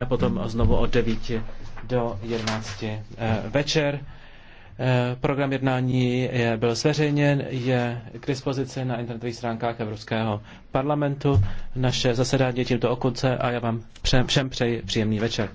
a potom znovu od 9 do 11 eh, večer. Eh, program jednání je, byl zveřejněn, je k dispozici na internetových stránkách Evropského parlamentu. Naše zasedání je tímto okonce a já vám všem přeji příjemný večer.